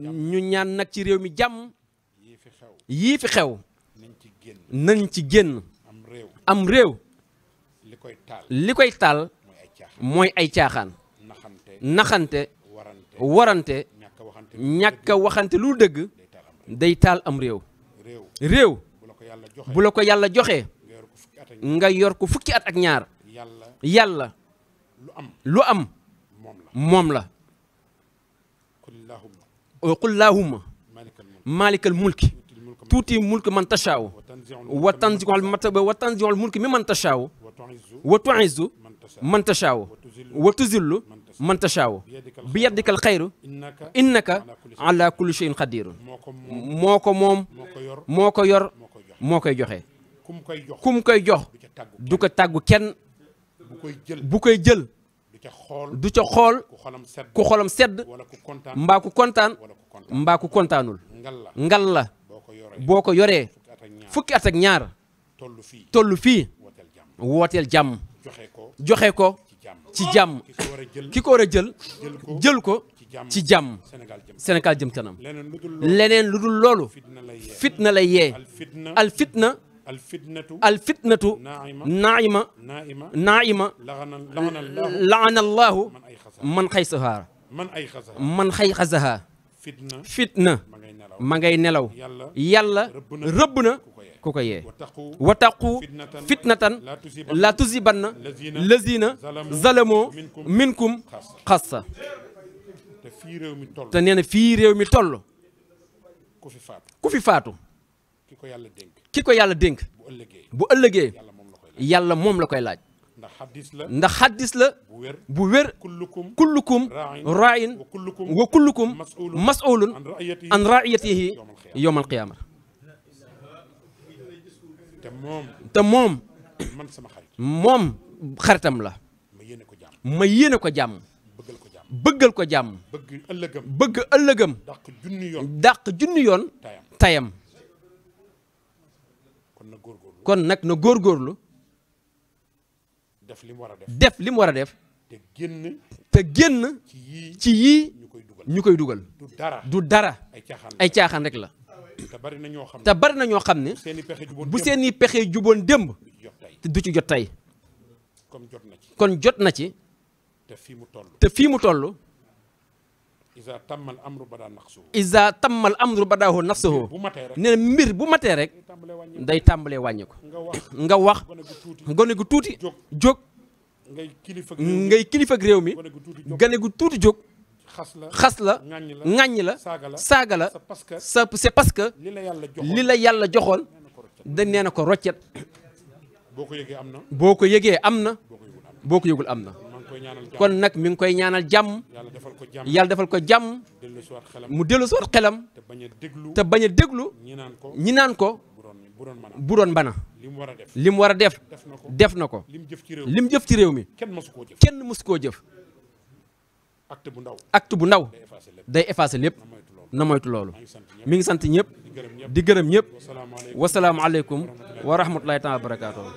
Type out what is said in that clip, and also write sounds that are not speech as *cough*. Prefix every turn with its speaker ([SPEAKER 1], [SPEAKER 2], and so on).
[SPEAKER 1] ñu ñaan nag ci réew mi jàmm yii fi xew nañ ci génn am réew li koy taal mooy ay caaxaan naxante warante ñàkk waxante lu dëgg day taal am réew réew bu la ko yàlla joxee nga yor ko fukki at ak ñaar yàlla lu am moom la qul lahumma malikal mulki tuuti mulki man tashaaw wa tanziul wa tanziul mulki mi man tashaaw wa tuizzu man tashaaw wa tuzillu man tashaaw bi yaddikal xayru innaka ala kulli shay'in qadirun moo ko moom moo ko yor moo koy joxe kum koy jox du ko tàggu kenn bu koy jël du ca xool ku xolam sedd mbaa ku kontaan mbaa ku kontaanul ngal la boo ko yoree fukki at ak ñaar toll fii wooteel jàmm joxe ko ci jàmm ki ko war a jël jël ko ci jàmm Sénégal jëm tanam leneen lu dul loolu fitna lay yee al fitna alfitnatu alfitnatu naaima naaima laana allahu man xay sahaara man xay xasaha fitna ma ngay nelaw yàlla rëbb na ku ko yee wa taqu fitnatan la tusibanna lazina zalamoo minkum xassa te nee na fii réew mi toll ku fi faatu ki ko yàlla dénk ki ko yàlla dénk bu ëllëgee yàlla moom la koy laaj ndax xaddis la ndax xaddis la bu wér kullukum raayin wa kullukum mas'ulun an raiyatihi yowm alqiyaama te moom moom xaritam la ma yéene ko jàmm bëggal ko jàmm bëgg ëllëgam dàq junni yoon tayam kon nag na góorgóorlu def li war a def def li mu war a def te génn te génn ci yii ñu koy dugal du dara ay caaxaan rek la te bari na ñoo xam ne bari na ñoo xam ne bu seeni pexe juboon démb te du ci jot tey kon jot na ci te fii mu toll isa tammal amru badaa naqsuhu isa tammal amru badaahu naqsuhu nee na mbir bu matee rek day tàmbalee wàññi ko *coughs* nga wax gone gu tuuti jóg ngay kilifa ak réew mi gone gu tuuti jóg xas la ŋàññi la saaga la sa c'est parce que li la yàlla joxoon dañ nee na ko roccet boo ko yëgee am na boo ko yëgee am na kon nag mi ngi koy ñaanal jàmm yàlla defal ko jàmm mu dellu si waat xelam te bañ a déglu ñi naan ko bu doon mbana li mu war a def def na ko li mu jëf ci réew mi kenn mësu koo jëf acte bu ndaw day effacé lépp na moytu loolu mi ngi sant ñëpp di gërëm ñëpp wasalaamualeykum wa rahmatulahi taala wa barakaatu